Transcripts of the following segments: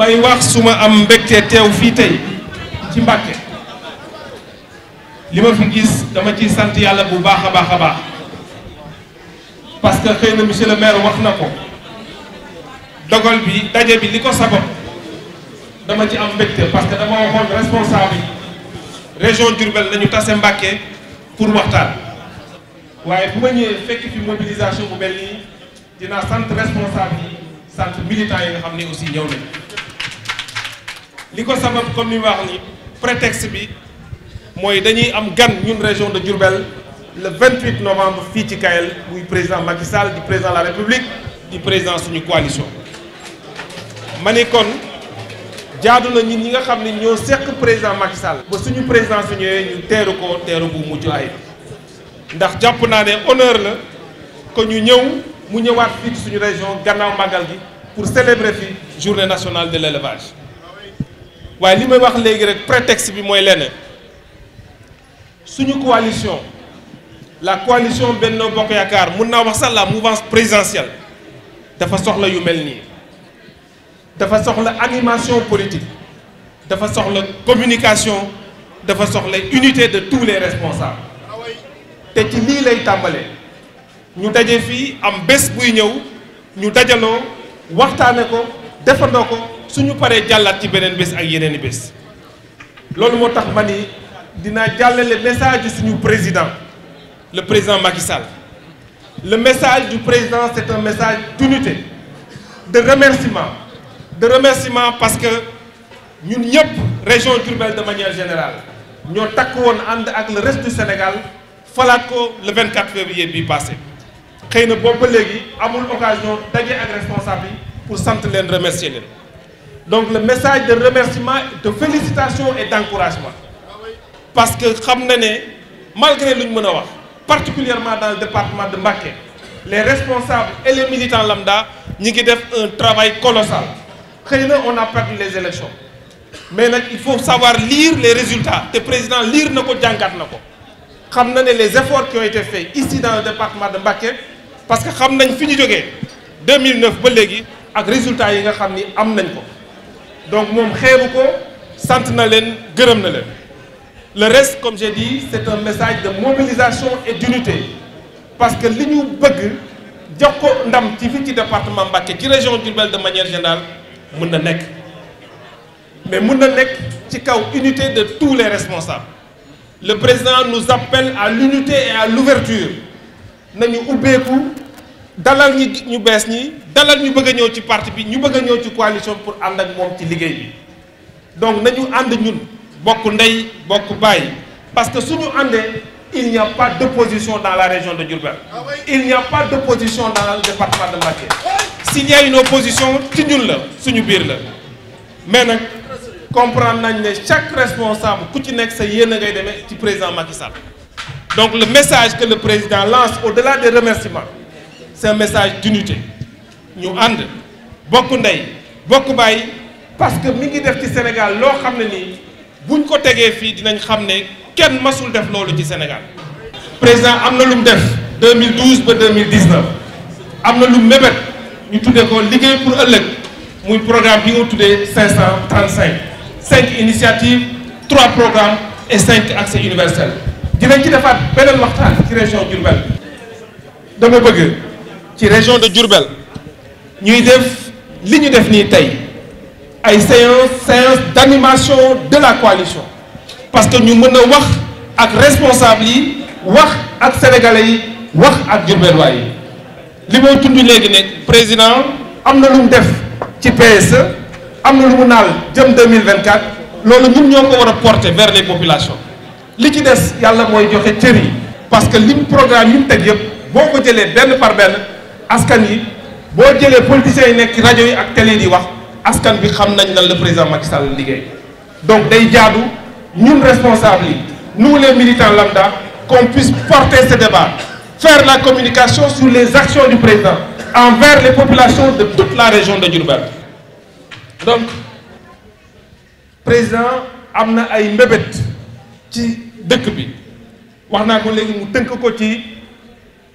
may wax suma am mbecte tew fi tay ci Mbàkke lima fi gis dama ci sante yalla bu baax a baax parce que xeyna monsieur le maire wax nako ko dogal bi dajé bi liko sabab dama ci am mbecte parce que dama waxoon responsable région Diourbel nañu tassé Mbàkke pour waxtaan waaye bu ma ñëwee fekk fi mobilisation bu mel nii dinaa sant responsable yi sant militants yi nga xam ne aussi ñëw nañu ce ko comme ni wax ni prétexte bi mooy dañuy am gan ñun région de Durbel, le 28 novembre à ci Kayel le président Macky Sall du président de la République le président de suñu coalition. Je suis kon jaadu na ñun ñi nga sommes ñoo président Macky Sall. ba suñu président su ñëwee ñu teeru ko teeru bu mucc ayib ndax jàpp un honneur la nous ñu ñëw mu ñëwaat région de Ghana, pour célébrer la journée nationale de l'élevage waaye li may wax léegi rek prétexte bi mooy leneen suñu coalition la coalition Benno Bokk Yaakaar mun naa wax sax la mouvance présidentielle dafa soxla yu mel nii dafa soxla animation politique dafa soxla communication dafa soxla unité de tous les responsables te ci lii lay tàmbalee ñu nous fii am bés buy ñëw ñu dajaloo waxtaane ko defandoo suñu nous parlons ci la bés ak yeneen ce bés loolu moo message du président le président Macky Sall le message du président c'est un message d'unité de remerciement de remerciement parce que nous, ñun ñëpp région Diourbel de manière générale nous avons woon le reste du Sénégal le 24 février passé Nous avons eu l'occasion amul occasion responsable pour s'entendre remercier donc le message de remerciement de félicitations et d'encouragement parce que malgré ce particulièrement dans le département de Mbaké, les responsables et les militants lambda ont fait un travail colossal on a perdu les élections mais il faut savoir lire les résultats Le président lire nos résultats. les efforts qui ont été faits ici dans le département de Mbaké. parce que nous avons fini de 2009 ba les résultats yi donc mon vous ko sant na le reste comme j'ai dit c'est un message de mobilisation et d'unité parce que ce nous bëgg jox ko ndam ci fii ci département Mbacké ci région Diourbel de manière générale mun na mais mun na unité de tous les responsables le président nous appelle à l'unité et à l'ouverture nañu ubbeeku dalal ñi ñu bees ñi dalal ñu bëgg nous ñëw ci parti bi ñu bëgg ci coalition pour and ak mom ci liggéey bi donc nañu and ñun bokk ndey parce que suñu andé il n'y a pas d'opposition dans la région de Djourbel ah il n'y a pas d'opposition dans le département de Mbacké s'il y a une opposition ci ñun la suñu biir la mais nak comprendre nañ chaque responsable ku ci nek sa ngay démé ci président Macky Sall donc le message que le président lance au-delà des remerciements c'est un message d'unité ñu ànd bokk ndey bokk bàyyi parce que mi ngi def ci Sénégal loo xam ne nii buñ ko tegee fii dinañ xam ne kenn masul def loolu ci Sénégal. président am na lu mu def 2012 ba 2019 am na lu mébét ñu tuddee ko liggéey pour ëllëg programme qui nga tuddee 535 5 initiatives 3 programmes et 5 accès universels dinañ ci defaat beneen waxtaan ci région Diourbel dama bëgg ci région de Djourbel ñuy def li ñu def nii tey ay séance séance d'animation de la coalition parce que ñu mën a wax ak responsable yi wax ak sénégalais yi wax ak Diourbelwaay yi li may tudd léegi ne président am na lu mu def ci PS e, am na lu mu naal jëm 2024 loolu ñun ñoo ko war a porter vers les populations li ci des yàlla mooy joxe cër yi parce que lim programme yi mu teg yëpp boo ko jëlee benn par benn Askani, yi les politiciens qui nekk radio yi ak télé di wax askan bi xam nañ le président Macky Sall donc day nous, ñun responsables nous les militants lambda qu'on puisse porter ce débat faire la communication sur les actions du président envers les populations de toute la région de Diourbel donc président amna ay mbébét ci dëkk bi wax ko léegi mu ko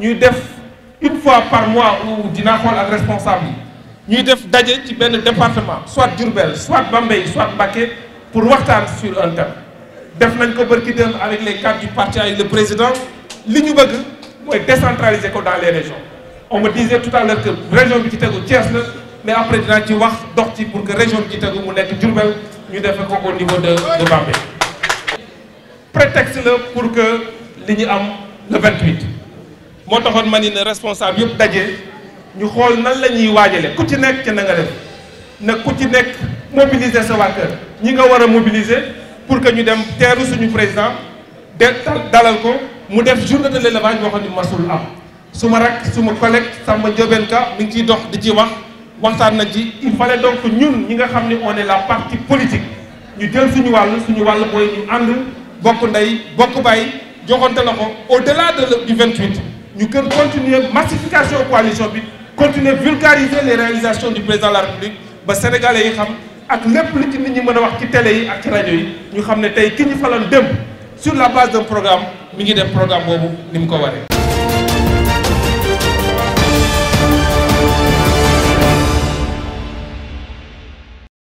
Nous def une fois par mois ou nous avons ak responsable nous ñuy def dans ci département soit Durbel, soit Bambey soit Baké, pour waxtan sur un thème def nañ ko barki avec les cadres du parti avec le président li ñu bëgg moy décentraliser dans les régions on me disait tout à l'heure que région bi ci téggu mais après nous ci wax dox ci pour que région ci téggu mu nekk djourbel ñu au niveau de de prétexte pour que li ñu am le 28 moo taxoon ma ne responsable yëpp daje ñu xool nan la ñuy waajale ku ci nekk ci na nga def na ku ci mobiliser sa waa ñi nga mobiliser pour que ñu dem teeru suñu président de dalal ko mu def journée de l'élevage boo xam ne masul am su ma rak su ma collègue Samba mi dox di ci wax na il fallait donc ñun ñi nga xam on est la partie politique ñu jël suñu wàll suñu wàll mooy ñu ànd bokk ndey bokk bàyyi joxante la au delà de du 28 nous devons continuer massification coalition continuer continuer vulgariser les réalisations du président de la république ba sénégalais yi xam ak qui li ci nit ñi mën wax ci télé yi ak ci yi ñu xam sur la base d'un programme mi ngi def programme boobu nous